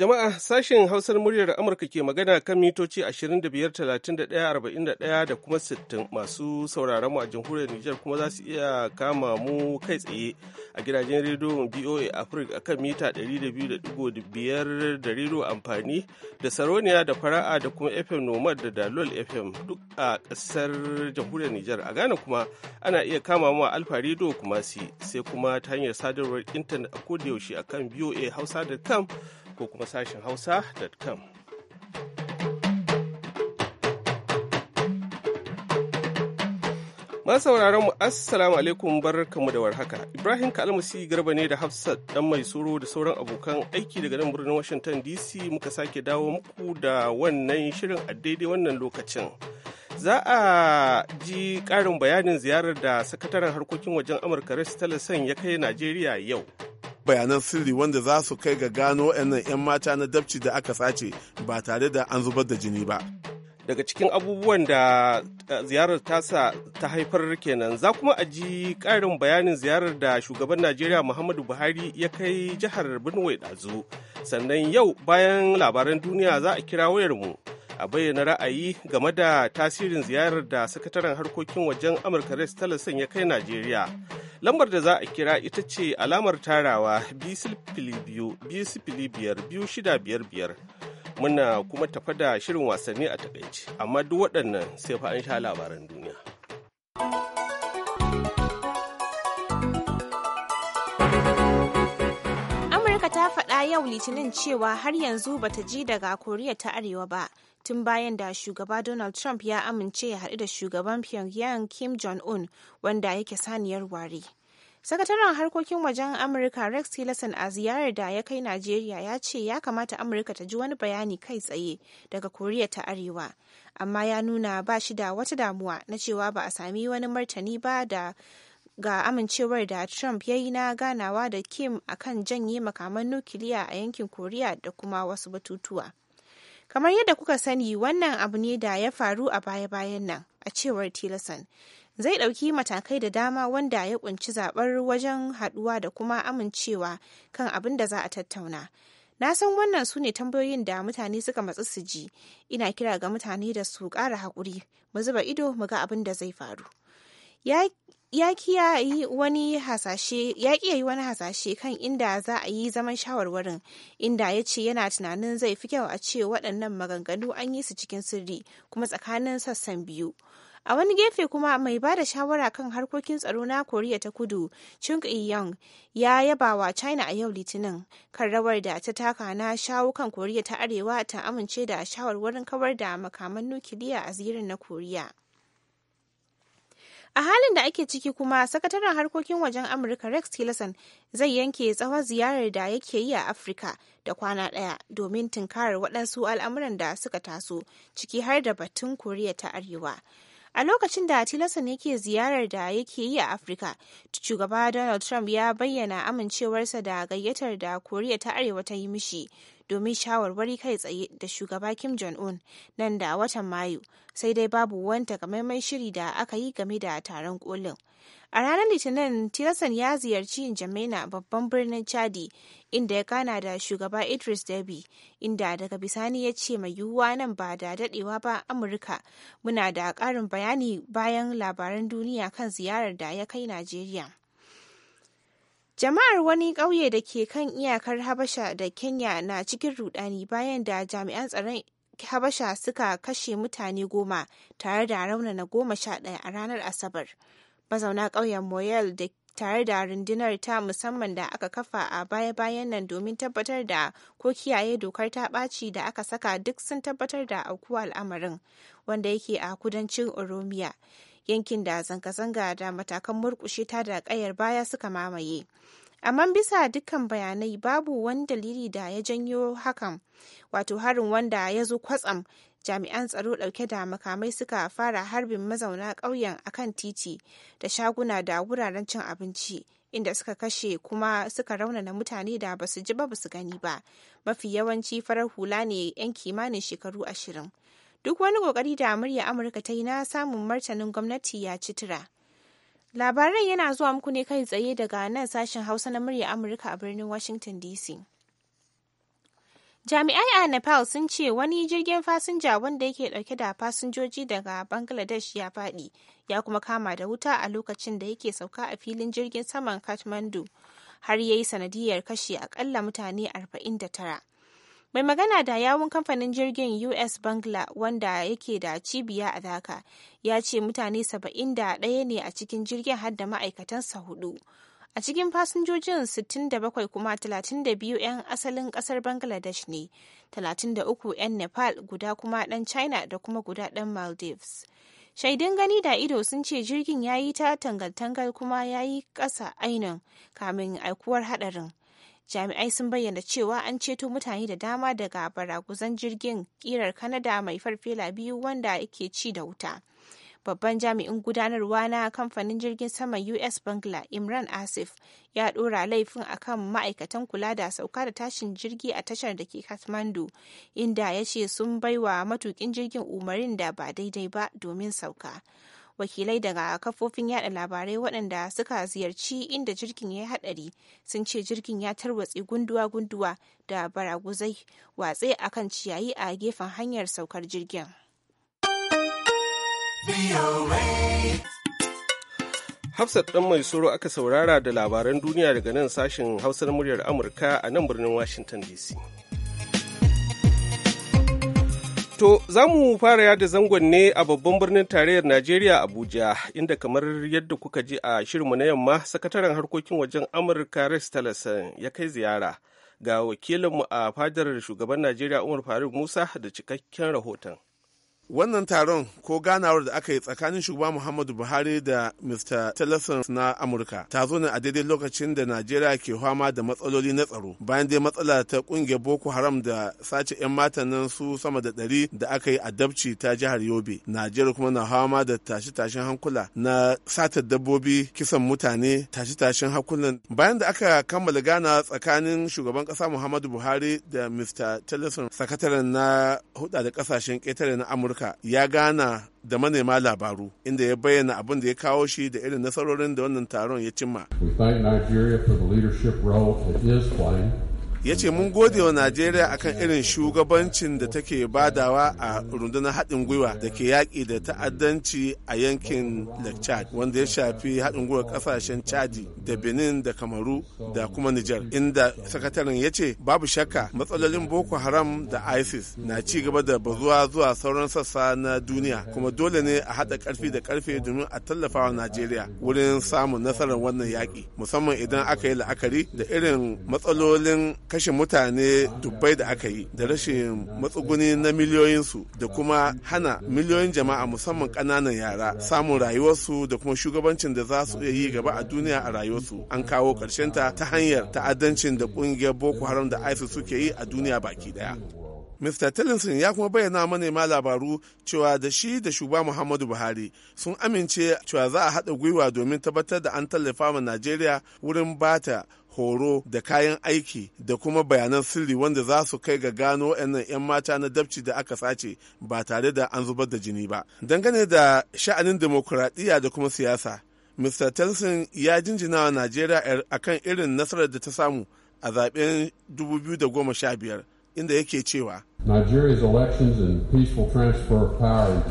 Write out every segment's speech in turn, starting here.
Jama'a sashen Hausar muryar Amurka ke magana kan mitoci 25,31,41 da kuma 60 masu sauraron mu a jamhuriyar Nijar kuma za su iya kama mu kai tsaye a gidajen rediyon BOA Africa akan mita 200.5 da rediyo amfani da Saroniya da Fara'a da kuma FM Nomad da Dalol FM duk a ƙasar jamhuriyar Nijar. A Ghana kuma ana iya kama mu a Alfa Radio kuma sai kuma ta hanyar sadarwar intanet a kodayaushe akan BOA Hausa.com ko kuma sashen hausa.com sauraron mu assalamu alaikum barkamu da warhaka ibrahim kalmasi garba ne da hafsat dan mai soro da sauran abokan aiki daga nan birnin washington dc muka sake dawo muku da wannan shirin a daidai wannan lokacin za a ji ƙarin bayanin ziyarar da sakataren harkokin wajen amurka rex tillerson ya kai najeriya yau bayanan sirri wanda za su kai ga gano 'yan mata na dabci da aka sace ba tare da an zubar da jini ba. daga cikin abubuwan da eh, ziyarar tasa ta haifar kenan za kuma a ji ƙarin bayanin ziyarar da shugaban najeriya muhammadu buhari ya kai jihar benue ɗazu sannan yau bayan labaran duniya za a kira wayarmu mu a bayyana ra'ayi game da tasirin ziyarar da sakataren harkokin wajen amurka rex tillerson ya kai najeriya lambar da za a kira ita ce alamar tarawa biyu shida biyar biyar muna kuma tafa da shirin wasanni a takaici amma duk waɗannan sai fa an sha labaran duniya. yau litinin cewa har yanzu bata ji daga koriya ta arewa ba tun bayan da shugaba donald trump ya amince ya haɗu da shugaban pyongyang kim jong-un wanda yake saniyar ware sakataren harkokin wajen amurka rex tillerson a ziyarar da ya kai najeriya ya ce ya kamata amurka ta ji wani bayani kai tsaye daga koriya ta arewa amma ya nuna ba shi da wata damuwa na cewa ba a sami wani martani ba da ga amincewar da Trump ya yi na ganawa da Kim a kan janye makaman nukiliya a yankin Koriya da kuma wasu batutuwa. Kamar yadda kuka sani wannan abu ne da ya faru a baya-bayan nan a cewar Tillerson. Zai ɗauki matakai da dama wanda ya kunci zaɓar wajen haɗuwa da kuma amincewa kan abin da za a tattauna. Na san wannan su ne tambayoyin da mutane suka matsi su ji. Ina kira ga mutane da su ƙara haƙuri, mu zuba ido mu ga abin da zai faru. ya kiyaye hasashe ya yi wani hasashe kan inda za a yi zaman shawarwarin inda ya ce yana tunanin zai fi kyau a ce waɗannan maganganu an yi su cikin sirri kuma tsakanin sassan biyu a wani gefe kuma mai ba da shawara kan harkokin tsaro na koriya ta kudu chung yong ya yaba wa china a yau litinin kan rawar da ta taka na shawo kan koriya ta arewa ta amince da shawarwarin kawar da makaman nukiliya a zirin na koriya a halin da ake ciki kuma sakataren harkokin wajen amurka rex tillerson zai yanke tsawon ziyarar da yake yi a afirka da kwana ɗaya domin tunkarar waɗansu al'amuran da suka taso ciki har da batun koriya ta arewa a lokacin da tillerson yake ziyarar da yake yi a afirka shugaba donald trump ya bayyana amincewarsa da gayyatar da koriya ta arewa ta yi mishi domin shawarwari kai tsaye da shugaba Kim Jong-un nan da watan Mayu, sai dai babu wani takamaiman shiri da aka yi game da taron kolin. A ranar Litinin, Tillerson ya ziyarci jamaina babban birnin Chadi, inda ya gana da shugaba Idris Deby, inda daga bisani ya ce mai yiwuwa nan ba da dadewa ba Amurka. Muna da ƙarin bayani bayan labaran duniya kan ziyarar da ya kai Najeriya. Jama'ar wani ƙauye da ke kan iyakar Habasha da Kenya na cikin rudani bayan da jami'an tsaron Habasha suka kashe mutane goma tare da raunana goma sha ɗaya a ranar Asabar. Mazauna ƙauyen moyal da tare da rundunar ta musamman da aka kafa a baya-bayan nan domin tabbatar da ko kiyaye dokar ta ɓaci da aka saka duk sun tabbatar da aukuwa al'amarin wanda yake a kudancin Oromiya. yankin da zanga-zanga da matakan murkushe ta da ƙayar baya suka mamaye amma bisa dukkan bayanai babu wani dalili da ya janyo hakan wato harin wanda ya zo kwatsam jami'an tsaro ɗauke da makamai suka fara harbin mazauna ƙauyen akan titi da shaguna da wuraren cin abinci inda suka kashe kuma suka raunana mutane da ba su ji ba su gani ba mafi yawanci farar hula ne 'yan kimanin shekaru ashirin duk wani ƙoƙari da murya amurka ta yi na samun martanin gwamnati ya ci tura Labaran yana zuwa muku ne kai tsaye daga nan sashen Hausa na murya Amurka a birnin Washington DC. Jami'ai a Nepal sun ce wani jirgin fasinja wanda yake dauke da fasinjoji daga Bangladesh ya faɗi, ya kuma kama da wuta a lokacin da yake sauka a filin jirgin saman Kathmandu, har ya yi sanadiyar kashe akalla mutane 49. mai magana da yawun kamfanin jirgin us bangla wanda yake da cibiya a dhaka ya ce mutane 71 ne a cikin jirgin har da ma'aikatansa hudu a cikin fasinjojin 67 kuma 32 'yan asalin kasar bangladesh ne 33 'yan nepal guda kuma ɗan china da kuma guda ɗan maldives shaidun gani da ido sun ce jirgin ya yi ta tangal-tangal kuma ya yi ƙasa ainihin kamin aikuwar haɗarin. Jami'ai sun bayyana cewa an ceto mutane da dama daga baraguzan jirgin kirar Kanada mai farfela biyu wanda ke ci da wuta. Babban jami'in gudanarwa na kamfanin jirgin saman US Bangla Imran Asif ya ɗora laifin akan ma'aikatan kula da sauka da tashin jirgi a tashar da ke Kathmandu, inda ya ce sun baiwa matukin jirgin umarin da ba daidai ba domin sauka. wakilai daga kafofin yada labarai waɗanda suka ziyarci inda jirgin ya haɗari sun ce jirgin ya tarwatse gunduwa-gunduwa da baraguzai watse akan ciyayi a gefen hanyar saukar jirgin. Hafsat ɗan mai soro aka saurara da labaran duniya daga nan sashen hausar muryar Amurka a nan birnin Washington DC. To, za mu fara yada zangon ne a babban birnin tarayyar Najeriya Abuja, inda kamar yadda kuka ji a shirinmu na yamma, sakataren harkokin wajen Amurka Rex Tillerson ya kai ziyara ga wakilinmu a fadar shugaban Najeriya Umar Faruk Musa da cikakken rahoton. wannan taron ko ganawar da aka yi tsakanin shugaba muhammadu buhari da mr tillerson na amurka ta zo ne a daidai lokacin da najeriya ke fama da matsaloli na tsaro bayan dai matsala ta kungiyar boko haram da sace 'yan matan nan su sama da ɗari da aka yi a dabci ta jihar yobe najeriya kuma na fama da tashe-tashen hankula na satar dabbobi kisan mutane tashe-tashen hakulan bayan da aka kammala gana tsakanin shugaban kasa muhammadu buhari da mr tillerson sakataren na huda da kasashen ketare na amurka amurka ya gana da manema labaru inda ya bayyana abin da ya kawo shi da irin nasarorin da wannan taron ya cimma. We thank Nigeria for the leadership role it is playing ya ce mun gode wa najeriya akan irin shugabancin da take badawa a rundunar haɗin gwiwa da ke yaƙi da ta'addanci a yankin lake chad wanda ya shafi haɗin gwiwa ƙasashen chadi da benin da kamaru da kuma niger inda sakataren ya ce babu shakka matsalolin boko haram da isis na ci gaba da bazuwa zuwa sauran sassa na duniya kuma dole ne a haɗa ƙarfi da ƙarfe domin a tallafa wa najeriya wurin samun nasarar wannan yaƙi musamman idan aka yi la'akari da irin matsalolin kashe mutane dubbai da aka yi da rashin matsuguni na miliyoyinsu da kuma hana miliyoyin jama'a musamman ƙananan yara samun rayuwarsu da kuma shugabancin da za su iya yi gaba a duniya a rayuwarsu an kawo ta ta hanyar ta'addancin da ƙungiyar boko haram da isis suke yi a duniya baki daya Mr. Tillerson ya kuma bayyana manema labaru cewa da shi da shuba Muhammadu Buhari sun amince cewa za a haɗa gwiwa domin tabbatar da an tallafa ma Najeriya wurin bata horo da kayan aiki da kuma bayanan sirri wanda za su kai ga gano 'yan mata na dabci da aka sace ba tare da an zubar da jini ba dangane da sha'anin demokuraɗiyya da kuma siyasa mr telson ya jinjina wa najeriya er kan irin nasarar da ta samu a zaben 2015 inda yake cewa Nigeria's elections and peaceful transfer of power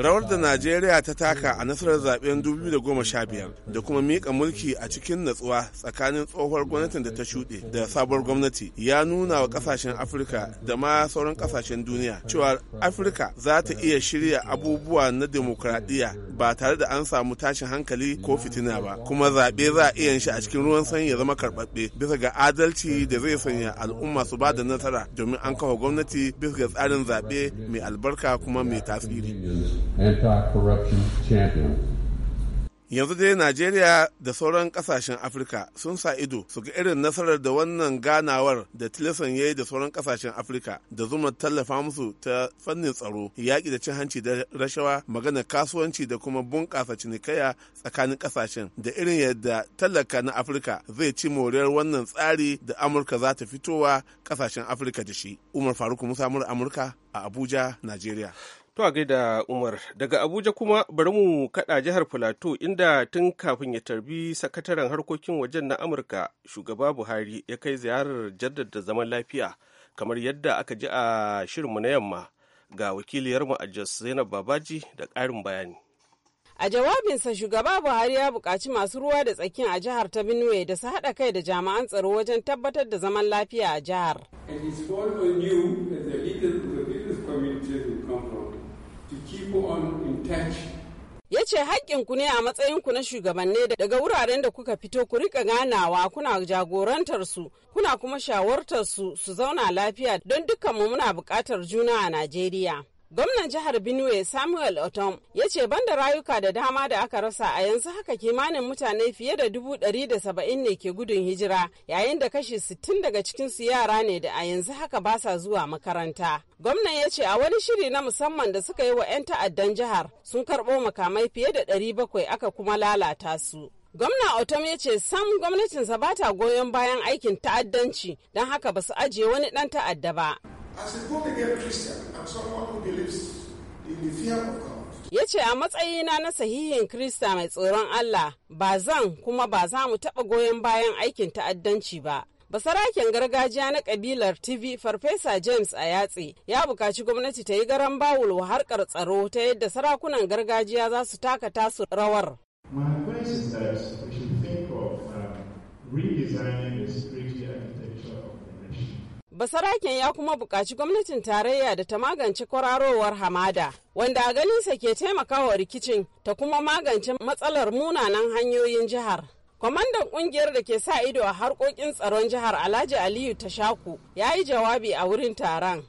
Rawar da Najeriya ta taka a nasarar zaben 2015 da kuma mika mulki a cikin natsuwa tsakanin tsohuwar gwamnatin da ta shuɗe da sabuwar gwamnati ya nuna wa ƙasashen Afirka da ma sauran ƙasashen duniya cewa Afirka za ta iya shirya abubuwa na demokradiyya ba tare da an samu tashin hankali ko fitina ba kuma zaɓe za a iya shi a cikin ruwan sanyi ya zama karɓaɓɓe bisa ga adalci da zai sanya al'umma su ba da nasara domin an kawo gwamnati bisa ga tsarin zaɓe mai albarka kuma mai tasiri. yanzu dai najeriya da sauran kasashen afirka sun sa ido su ga irin nasarar da wannan ganawar da tilson ya yi da sauran kasashen afirka da zuma tallafa musu ta fannin tsaro yaƙi da cin hanci da rashawa magana kasuwanci da kuma bunƙasa cinikaya tsakanin kasashen da irin yadda tallaka na afirka zai ci moriyar wannan tsari da amurka za ta fitowa kasashen afirka da shi umar faruk musa amurka a abuja najeriya To a gaida Umar daga Abuja kuma bari mu kaɗa jihar Filato inda tun kafin ya tarbi sakataren harkokin wajen na Amurka shugaba Buhari ya kai ziyarar jaddada zaman lafiya kamar yadda aka ji a shirinmu na yamma ga wakiliyarmu a Jos Zainab Babaji da ƙarin bayani. A jawabinsa shugaba Buhari ya buƙaci masu ruwa da tsakin a jihar ta Benue da su haɗa kai da jami'an tsaro wajen tabbatar da zaman lafiya a jihar. ya ce haƙƙinku ne a matsayinku na shugabanni daga wuraren da kuka fito ku rika ganawa kuna jagorantar su kuna kuma shawartar su su zauna lafiya don dukkanmu muna buƙatar juna a najeriya Gwamnan jihar Benue Samuel Otom ya ce banda rayuka da dama da aka rasa a yanzu haka kimanin mutane fiye da dubu ɗari da saba'in ne ke gudun hijira yayin da kashi sittin daga cikin su yara ne da a yanzu haka ba sa zuwa makaranta. Gwamnan ya ce a wani shiri na musamman da suka yi wa 'yan ta'addan jihar sun karɓo makamai fiye da ɗari bakwai aka kuma lalata su. Gwamna Otom ya ce sam gwamnatinsa ba ta goyon bayan aikin ta'addanci don haka ba su ajiye wani ɗan ta'adda ba. As a born again Christian, and someone who believes in the fear of God. ya ce a matsayina na sahihin Krista mai tsoron Allah ba zan kuma ba za mu taɓa goyon bayan aikin ta'addanci ba. basarakin gargajiya na kabilar TV Farfesa James a yatse ya bukaci gwamnati ta yi garan bawul wa harkar tsaro ta yadda sarakunan gargajiya za su taka tasu rawar. My is that we should think um, basaraken ya kuma buƙaci gwamnatin tarayya da ta magance kwararowar hamada wanda a ganinsa ke taimakawa rikicin ta kuma magance matsalar munanan hanyoyin jihar kwamandan ƙungiyar da ke sa ido a harkokin tsaron jihar alhaji aliyu ta shaku ya yi jawabi a wurin taron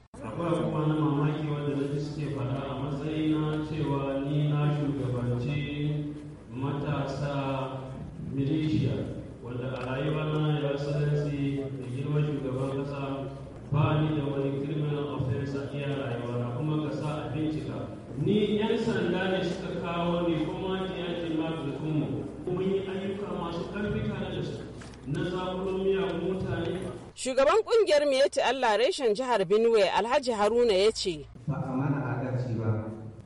ni yan sanda ne suka kawo ni kuma ta yace ma zulkumu mun yi ayyuka masu ƙarfi tare da su na zaɓulo miyagun mutane Shugaban kungiyar Miyeti Allah reshen jihar Benue Alhaji Haruna ya ce. Ba a mana adalci ba,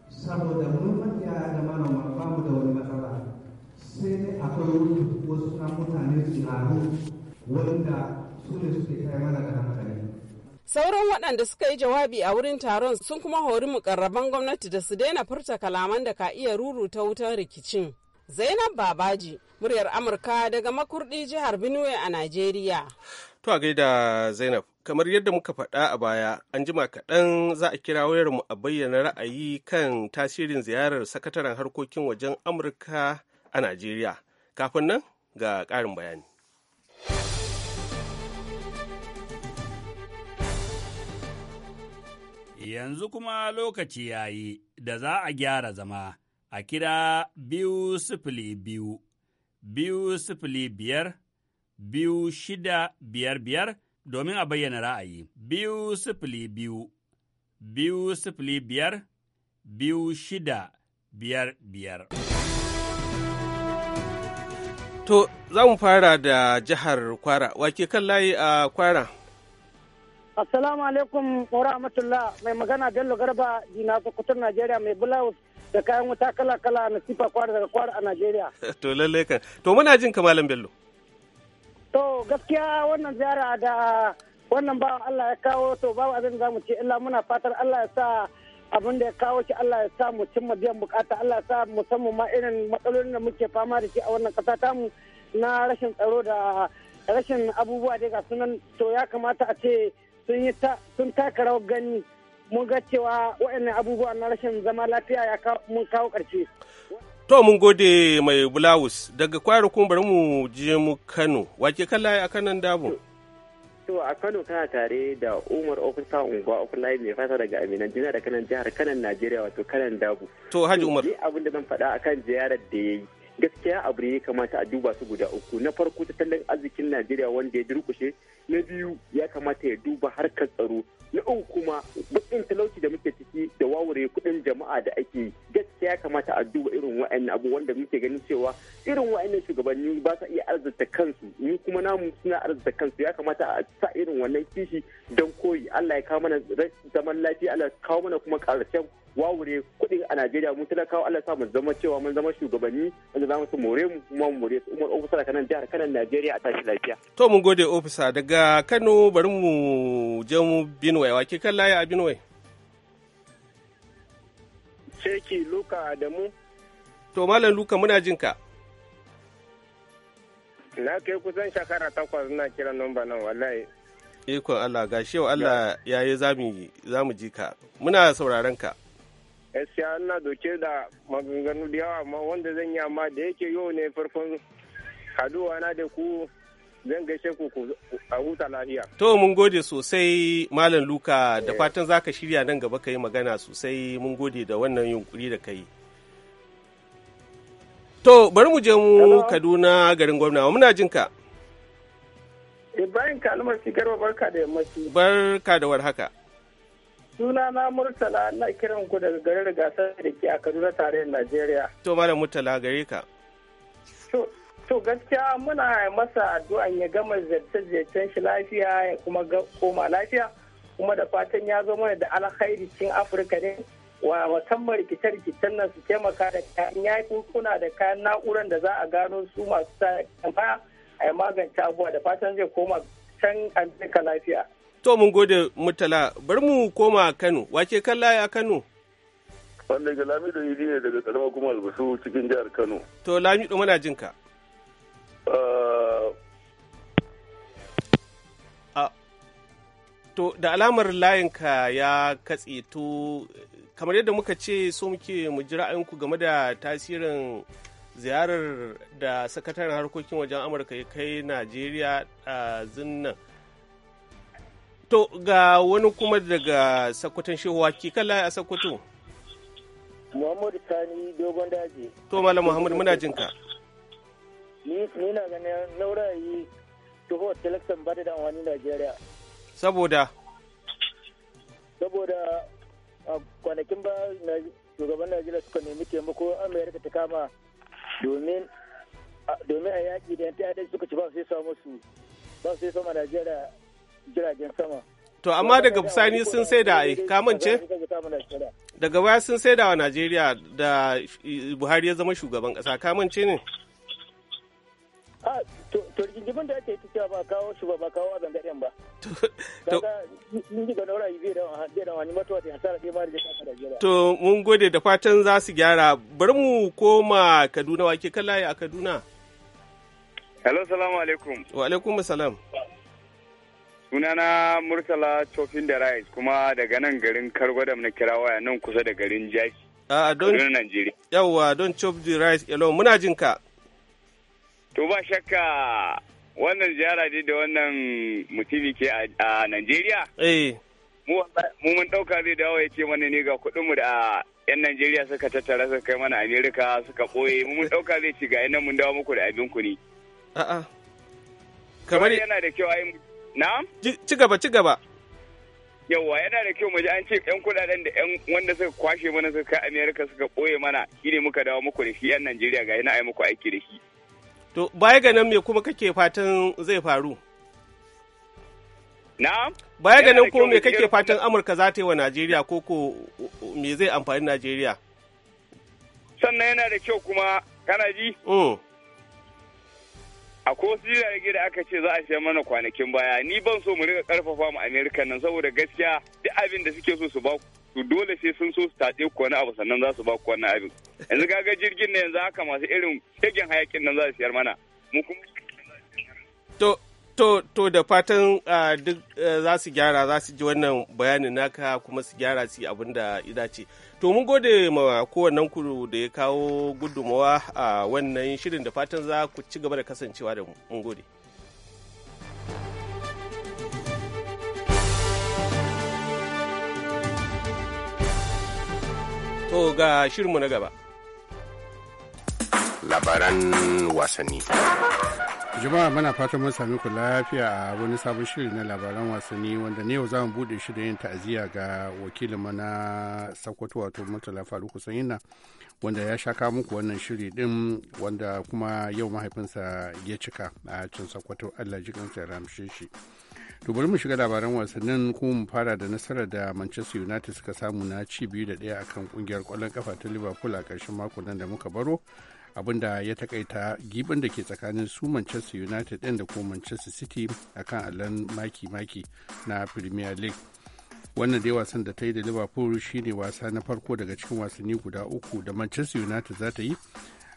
saboda mun makiya da manoma ba mu da wani matsala sai dai akwai wasu mutane tsiraru wanda su ne suke kai mana da hankali. Sauran waɗanda suka yi jawabi a wurin taron sun kuma hori mukarraban gwamnati da su daina furta kalaman da ka iya ruruta wutan rikicin. Zainab Babaji, muryar Amurka daga makurdi jihar Benue a Najeriya. To a gaida Zainab, kamar yadda muka faɗa a baya, an jima kaɗan za a kira wayarmu a bayyana ra'ayi kan tasirin ziyarar sakataren harkokin wajen Amurka a Najeriya. Kafin nan ga ƙarin bayani. Yanzu kuma lokaci ya yi da za a gyara zama a kira biyu sifili biyu, biyu sifili biyar, biyu shida biyar biyar domin a bayyana ra'ayi. Biyu sifili biyu, biyu sifili biyar, biyu shida biyar biyar. To, za mu fara da jihar Kwara, wake kan layi a Kwara. Assalamu alaikum wa rahmatullah mai magana Bello Garba Dina Sokoton Najeriya mai blouse da kayan wuta kala-kala na sifa kwara daga kwara a Najeriya. To lalle ka. To muna jin ka Bello. To gaskiya wannan ziyara da wannan bawan Allah ya kawo to babu abin za mu ce illa muna fatar Allah ya sa abin da ya kawo shi Allah ya sa mu cimma biyan bukata Allah ya sa musamman ma irin matsalolin da muke fama da shi a wannan kasa tamu na rashin tsaro da rashin abubuwa da ga sunan to ya kamata a ce sun taka rawar gani mun ga cewa waɗannan abubuwa na rashin zama lafiya ya mun kawo ƙarshe. To mun gode mai bulawus daga kwari kuma bari mu je mu Kano wake kala a kanan dabu. To a Kano kana tare da Umar Ofisa Unguwa Life mai fata daga Aminan Jina da kanan jihar kanan Najeriya wato kanan dabu. To Haji Umar. Ni abin da zan faɗa akan ziyarar da ya yi. gaskiya abu ne ya kamata a duba su guda uku na farko tattalin arzikin najeriya wanda ya durkushe na biyu ya kamata ya duba harkar tsaro na uku kuma bakin talauci da muke ciki da wawure kudin jama'a da ake yi gaskiya ya kamata a duba irin wa'annan abu wanda muke ganin cewa irin wa'annan shugabanni ba sa iya arzata kansu ni kuma namu suna arzata kansu ya kamata a sa irin wannan kishi don koyi Allah ya kawo mana zaman lafiya Allah ya kawo mana kuma karshen wawure kuɗin a Najeriya mu talakawa Allah sa mu zama cewa mun zama shugabanni wanda za mu su more mu kuma mu more su umar ofisa kanan jihar kanan Najeriya a tashi lafiya. To mun gode ofisa daga Kano bari mu je mu Benue wa ke kan layi a Benue. Sheki Luka Adamu. To Malam Luka muna jin ka. Na kai kusan shekara takwas na kira nomba nan wallahi. Ikon Allah gashi Allah ya yi za mu ji ka. Muna sauraron ka. gaskiya ina doke da maganganu da yawa amma wanda zan yi amma da yake yau ne farkon haduwa na da ku zan gaishe ku a huta lafiya. To mun gode sosai Malam Luka da eh. fatan zaka shirya nan gaba ka yi magana sosai mun gode da wannan yunkuri da ka yi. To bari mu je mu Kaduna garin gwamna muna jin ka. Ibrahim Kalmar Sigarwa barka da yammaci. Barka da warhaka. haka. Suna na Murtala na kiran ku daga garin gasar da ke a Kaduna tarayyar Najeriya. To Malam Murtala gare ka. To gaskiya muna masa addu'an ya gama ziyarce-ziyarcen shi lafiya ya kuma koma lafiya kuma da fatan ya zo mana da alkhairi cikin Afirka ne wa musamman rikice-rikicen nan su taimaka da kayan yakin kuna da kayan na'urar da za a gano su masu tambaya a yi magance abuwa da fatan zai koma can amurka lafiya. To mun gode mutala bari mu koma Kano wake kalla a Kano. Wanda ga Lamido yi ne daga karamar kuma albasu cikin jihar Kano. To Lamido muna jin ka. Ah. Ah. To da alamar layinka ya katse to kamar yadda muka ce so muke mu ji ra'ayinku game da tasirin ziyarar da sakataren harkokin wajen Amurka ya kai Najeriya a zinnan To ga wani kuma daga Sokoton Shehu ki kala a Sokoto. Muhammadu Sani Dogon Daji. To Malam Muhammadu muna jin ka. Ni na ganin naurayi tuho selection ba da amfani Najeriya. Saboda? Saboda a kwanakin ba shugaban Najeriya suka nemi taimako Amerika ta kama domin a yaƙi da yanta yadda suka ci ba su yi samu su ba su yi sama Najeriya jiragen sama to amma daga bisani sun sai da ai kamance daga baya sun sai da wa najeriya da buhari ya zama shugaban kasa kamance ne Ha, ah, to rigingimin da ake yi cikin ba kawo shi ba kawo a zangaren ba to to, To, ni ga yi da da da wani matuwa ɗaya mun gode da fatan za su gyara bari mu koma kaduna wa ke kalaye a kaduna hello salamu alaikum wa alaikum salam sunana murtala cofin da rice kuma daga nan garin kargwadam na kira waya nan kusa da garin jaki a ah, ah, don najeriya yawwa don chop the rice yalo muna jin ka to ba shakka wannan ziyara dai da wannan mutumi ke a najeriya eh mu mun dauka zai dawo ya ce mana ne ga mu da 'yan Najeriya suka tattara suka kai mana Amerika suka ɓoye mun ɗauka zai ci ga nan mun dawo muku da abin ku ne. A'a. Ah, Kamar yana da kyau ayi Na'am? Ci gaba, ci gaba. Yawwa yana da kyau ji an ce yan kudaden da yan wanda suka kwashe mana suka kai Amerika suka ɓoye mana ne muka dawo muku da shi yan Najeriya ga yana yi muku aiki da shi. To baya ga nan me kuma kake fatan zai faru? Na'am? Baya ga nan kuma me kake fatan Amurka za ta yi wa Najeriya ko ko me zai amfani Najeriya? Sannan yana da kyau kuma kana ji? Mm. a ko wasu jirage da aka ce za a siya mana kwanakin baya ni ban so mu rika karfafa mu amerika nan saboda gaskiya duk abin da suke so su ba su dole sai sun so su tatse ku wani abu sannan za su ba ku wani abin yanzu kaga jirgin na yanzu haka masu irin shagen hayakin nan za su siyar mana mu kuma to to to da fatan duk za su gyara za su ji wannan bayanin naka kuma su gyara su abin da ya dace To mun gode ma kowannen ku da ya kawo gudunmawa a wannan shirin da fatan za ku ci gaba da kasancewa da mu. Mun gode. To ga shirinmu na gaba. Labaran wasanni. jama'a muna fatan mun sami ku lafiya a wani sabon shiri na labaran wasanni wanda ne yau zamu bude shi da yin ta'aziyya ga wakilin mu na Sokoto wato Murtala Faruku Sanyina wanda ya shaka muku wannan shiri din wanda kuma yau mahaifinsa ya cika a cin Sokoto Allah ji kansa ya ramshe shi to bari mu shiga labaran wasannin kuma mu fara da nasarar da Manchester United suka samu na ci biyu da ɗaya akan kungiyar kwallon kafa ta Liverpool a ƙarshen mako nan da muka baro abinda ya takaita gibin da ke tsakanin su manchester united ɗin da kuma manchester city akan allon maki-maki na premier league wannan dai wasan da ta yi da liverpool shine wasa na farko daga cikin wasanni guda uku da manchester united za ta yi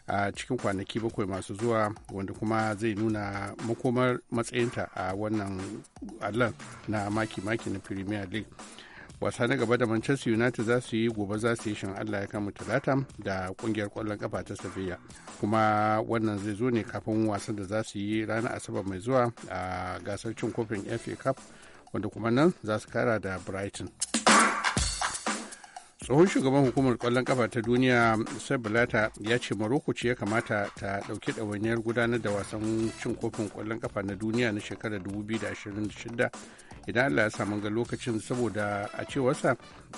a cikin kwanaki bakwai masu zuwa wanda kuma zai nuna makomar matsayinta a wannan allon na maki-maki na premier league wasa na gaba da manchester united za su yi gobe za su yi shan allah ya kama talata da kungiyar kwallon kafa ta sevilla kuma wannan zai zo ne kafin wasan da za su yi ranar asabar mai zuwa a gasar cin kofin fa cup wanda kuma nan za su kara da brighton tsohon shugaban hukumar kwallon kafa ta duniya sabulata ya ce maroko ce ya kamata ta dauki ɗawainiyar gudanar da wasan cin kofin kwallon kafa na duniya na shekarar 2026 idan allah ya samu ga lokacin saboda a cewarsa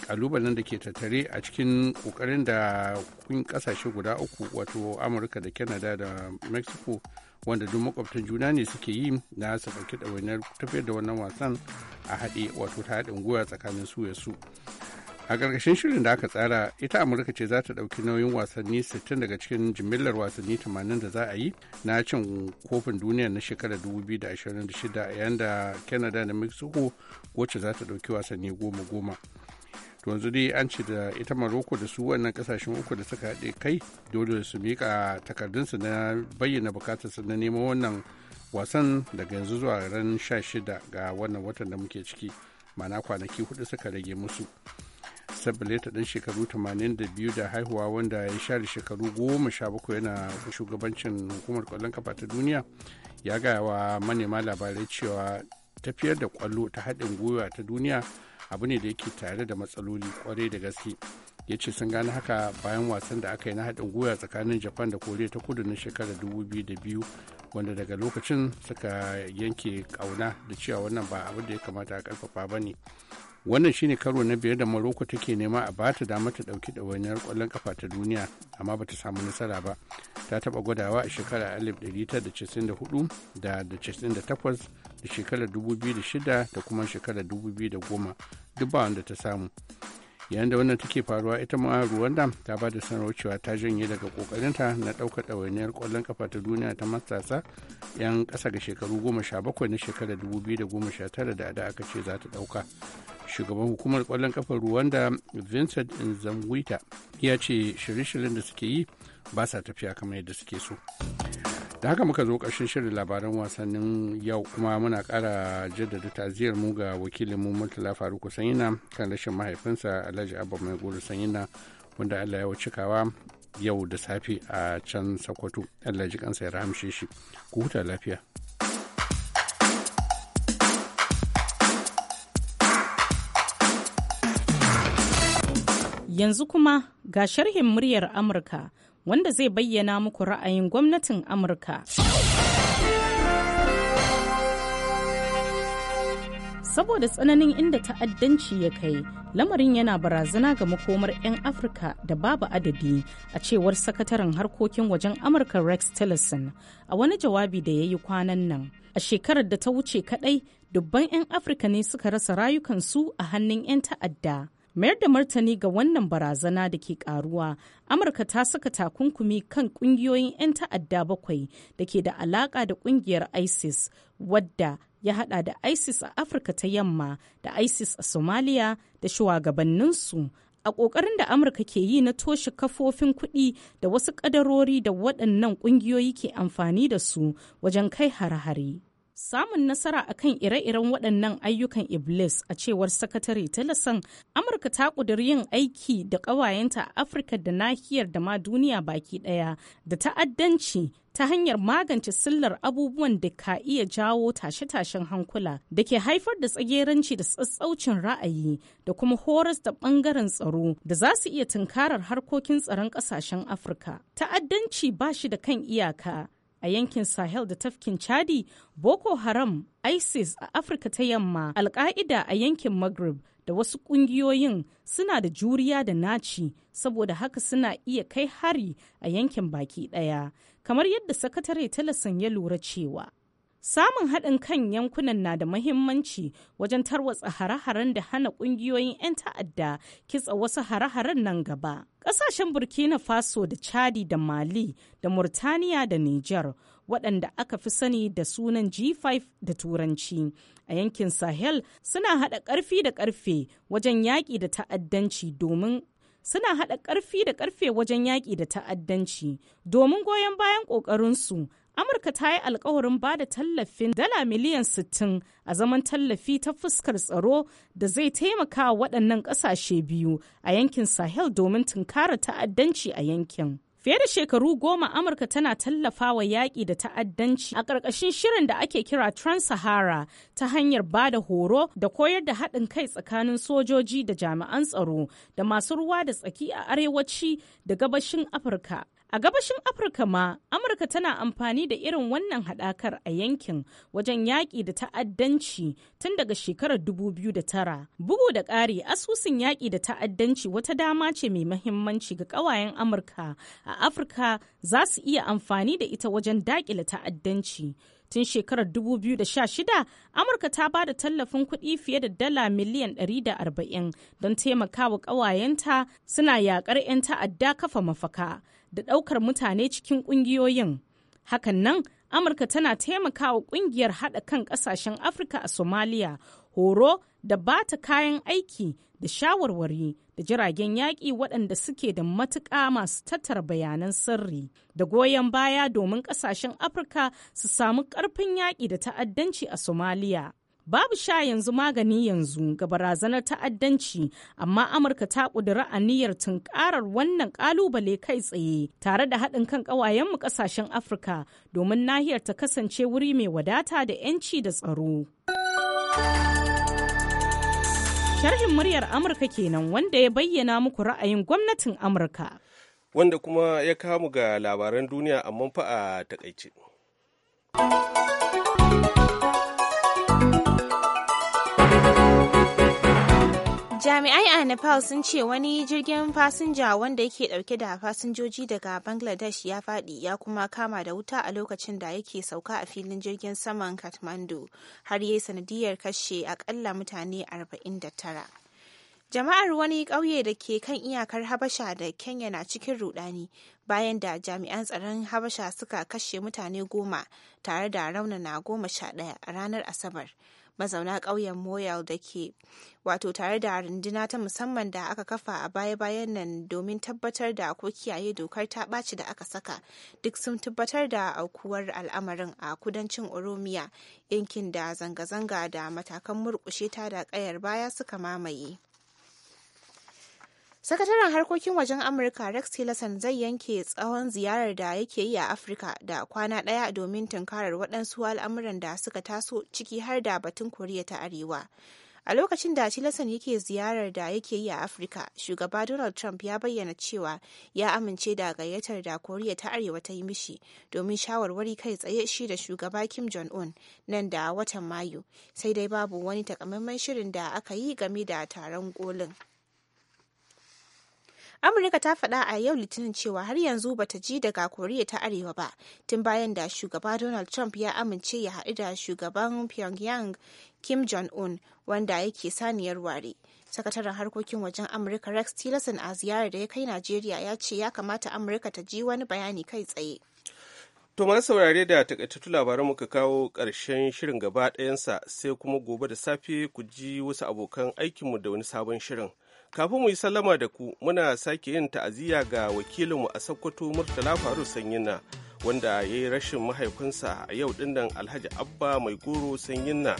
kalubalen da ke tattare a cikin kokarin da kun kasashe guda uku wato amurka da canada da mexico wanda duk makwabtan juna ne suke yi na su ɗauki ɗawainiyar tafiyar da wannan wasan a haɗe wato ta haɗin gwiwa tsakanin su ya su a ƙarƙashin shirin da aka tsara ita amurka ce za ta ɗauki nauyin wasanni 60 daga cikin jimillar wasanni 80 da za a yi na cin kofin duniya na shekarar 2026 yayin da canada da mexico wacce za ta ɗauki wasanni goma goma to yanzu dai an ce da ita maroko da su wannan kasashen uku da suka haɗe kai dole su miƙa takardunsu na bayyana bukatarsu na neman wannan wasan daga yanzu zuwa ran 16 ga wannan watan da muke ciki mana kwanaki hudu suka rage musu sabaleta ɗan shekaru 82 da haihuwa wanda ya share shekaru 17 yana shugabancin hukumar kwallon kafa ta duniya ya gaya wa manema labarai cewa tafiyar da kwallo ta haɗin gwiwa ta duniya abu ne da yake tare da matsaloli kwarai da gaske ya ce sun gane haka bayan wasan da aka yi na haɗin gwiwa tsakanin japan da koriya ta kudu na shekarar 2002 wanda daga lokacin suka yanke ƙauna da cewa wannan ba abin da ya kamata a karfafa ba ne wannan shine karo na biyar da morocco take nema a ba ta damar ta dauki ɗawainiyar kwallon kafa ta duniya amma ba ta samu nasara ba ta taba gwadawa a shekarar 1994 da 98 da shekarar 2006 da kuma shekarar 2010 duk ba wanda ta samu yayin da wannan take faruwa ita ma ruwanda ta ba da sanarwar cewa ta janye daga kokarinta na ɗaukar ɗawainiyar ƙwallon kafa ta duniya ta matasa 'yan ƙasa ga shekaru 17 na shekarar 2019 da da aka ce za ta ɗauka shugaban hukumar ƙwallon kafar ruwanda vincent nzamwita ya ce shirye-shiryen da suke yi ba sa tafiya kamar yadda suke so da haka muka zo ƙarshen shirin labaran wasannin yau kuma muna ƙara jaddada taziyar mu ga wakilinmu murtala faruku sanyina kan rashin mahaifinsa alhaji abba mai guru sanyina wanda allah ya wuce kawa yau da safe a can sokoto allah ji kansa ya rahamshe shi ku huta lafiya yanzu kuma ga sharhin muryar amurka wanda zai bayyana muku ra'ayin gwamnatin Amurka. Saboda tsananin inda ta'addanci ya kai, lamarin yana barazana ga makomar 'yan Afirka da babu adadi a cewar sakataren harkokin wajen Amurka Rex Tillerson a wani jawabi da ya yi kwanan nan. A shekarar da ta wuce kadai, dubban 'yan Afirka ne suka rasa rayukansu a hannun 'yan ta'adda. mayar da martani ga wannan barazana da ke karuwa amurka ta saka takunkumi kan kungiyoyin 'yan ta'adda bakwai da ke da alaka da kungiyar isis wadda ya hada da isis a afirka ta yamma da isis a somalia da shugabanninsu a ƙoƙarin da amurka ke yi na toshe kafofin kuɗi da wasu ƙadarori da waɗannan ƙungiyoyi ke amfani da su wajen kai hare-hare Samun nasara a kan ire-iren waɗannan ayyukan Iblis a cewar sakatare talasan Amurka ta ƙudiri yin aiki da ƙawayenta a Afirka da nahiyar da ma duniya baki ɗaya da ta'addanci ta hanyar magance sillar abubuwan da ka iya jawo tashe-tashen hankula da ke haifar da tsageranci da tsatsaucin ra'ayi da kuma horas da ɓangaren tsaro da za su iya tunkarar harkokin tsaron ƙasashen afirka ta'addanci ba shi da kan iyaka a yankin Sahel da tafkin Chadi, Boko Haram, ISIS a Afirka ta yamma, Alka'ida a yankin Maghrib da wasu ƙungiyoyin suna da juriya da naci saboda haka suna iya kai hari a yankin baki ɗaya, kamar yadda Sakatare Talasan ya lura cewa. Samun haɗin kan yankunan na da mahimmanci wajen tarwatsa hare-haren da hana ƙungiyoyin 'yan ta'adda kitsa wasu hare-haren nan gaba. Ƙasashen Burkina Faso da Chadi da Mali da Murtaniya da Nijar waɗanda aka fi sani da sunan G5 da Turanci a yankin Sahel suna haɗa ƙarfi da ƙarfe wajen yaƙi da ta'addanci domin suna haɗa ƙarfi da ƙarfe wajen yaƙi da ta'addanci domin goyon bayan ƙoƙarinsu Amurka ta yi alkawarin ba da tallafin dala miliyan 60 a zaman tallafi ta fuskar tsaro da zai taimaka waɗannan ƙasashe biyu a yankin Sahel domin tunkara ta'addanci a yankin. Fiye da shekaru goma Amurka tana tallafawa yaƙi da ta'addanci a ƙarƙashin shirin da ake kira Trans-Sahara ta hanyar ba da horo da koyar da haɗin kai tsakanin sojoji da jami'an tsaro da masu ruwa da tsaki a arewaci da gabashin Afirka. A gabashin Afirka ma, Amurka tana amfani da irin wannan haɗakar a yankin wajen yaƙi da ta'addanci tun daga shekarar 2009. Bugu da ƙari, asusun yaƙi da ta'addanci wata dama ce mai mahimmanci ga ƙawayen Amurka a Afirka za su iya amfani da ita wajen daƙile ta'addanci. tun shekarar 2016 amurka ta ba da tallafin kuɗi fiye da dala miliyan 140 don taimakawa ƙawayenta suna yaƙar 'yan ta'adda kafa mafaka da ɗaukar mutane cikin ƙungiyoyin. Hakan nan, Amurka tana taimakawa ƙungiyar haɗa kan ƙasashen Afirka a Somalia, horo da ba ta kayan aiki da shawarwari da jiragen yaƙi waɗanda suke da matuƙa masu tattara bayanan sirri da goyon baya domin ƙasashen Afirka su samu ƙarfin yaƙi da ta'addanci a Somalia. Babu sha yanzu magani yanzu ga barazanar ta'addanci, amma Amurka ta ƙudiri aniyar tunkarar wannan ƙalubale kai tsaye tare da haɗin kan ƙawayenmu ƙasashen Afirka domin nahiyar ta kasance wuri mai wadata da 'yanci da tsaro. Sharhin muryar Amurka kenan wanda ya bayyana muku ra'ayin gwamnatin Amurka. Wanda kuma ya kamu ga labaran duniya amma fa a takaice. jami'ai a nepal sun ce wani jirgin fasinja wanda yake dauke da fasinjoji daga bangladesh ya fadi ya kuma kama da wuta a lokacin da yake sauka a filin jirgin saman kathmandu har yi sanadiyar kashe akalla mutane 49 jama'ar wani ƙauye da ke kan iyakar habasha da kenya na cikin rudani bayan da jami'an tsaron habasha suka kashe mutane goma tare da raunana goma sha ɗaya a ranar asabar mazauna ƙauyen Moyal da ke wato tare da runduna ta musamman da aka kafa a baya-bayan nan domin tabbatar da ko kiyaye dokar ta ɓaci da aka saka duk sun tabbatar da aukuwar al'amarin a kudancin Oromiya yankin da zanga-zanga da matakan murƙushe ta da ƙayar baya suka mamaye. Sakataren harkokin wajen Amurka Rex Tillerson zai yanke tsawon ziyarar da yake yi a Afirka da kwana ɗaya domin tunkarar waɗansu al'amuran da suka taso ciki har da batun Koriya ta Arewa. A lokacin da Tillerson yake ziyarar da yake yi a Afirka, shugaba Donald Trump ya bayyana cewa ya amince da gayyatar da Koriya ta Arewa ta yi mishi domin shawarwari kai tsaye shi da shugaba Kim Jong-un nan da watan Mayu, sai dai babu wani takamaiman shirin da aka yi game da taron kolin. amurka ta faɗa a yau litinin cewa har yanzu bata ji daga koriya ta arewa ba tun bayan da shugaba donald trump ya amince ya haɗu da shugaban pyongyang kim jong-un wanda yake saniyar ware sakataren harkokin wajen amurka rex tillerson a ziyarar da ya kai najeriya ya ce ya kamata amurka ta ji wani bayani kai tsaye To masu saurare da takaitattu labaran muka kawo ƙarshen shirin gaba ɗayansa sai kuma gobe da safe ku ji wasu abokan aikinmu da wani sabon shirin. kafin mu yi sallama da ku muna sake yin ta'aziyya ga wakilinmu a sokoto murtala faru sanyina wanda ya yi rashin mahaifinsa a yau dinnan alhaji abba mai goro sanyina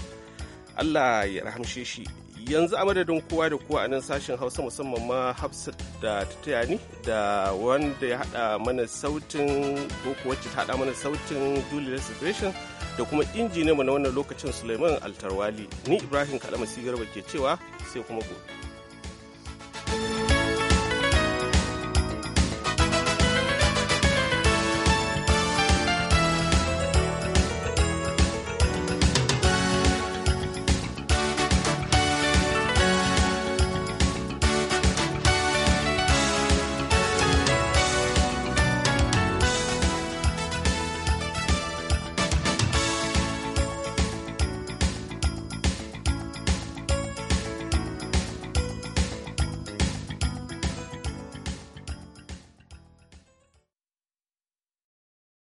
allah ya rahamshe shi yanzu a madadin kowa da kowa a nan sashen hausa musamman ma hafsat da tatayani da wanda ya hada mana sautin ko wacce ta hada mana sautin julius restoration da kuma injiniyanmu na wannan lokacin suleiman altarwali ni ibrahim kalama sigarba ke cewa sai kuma gobe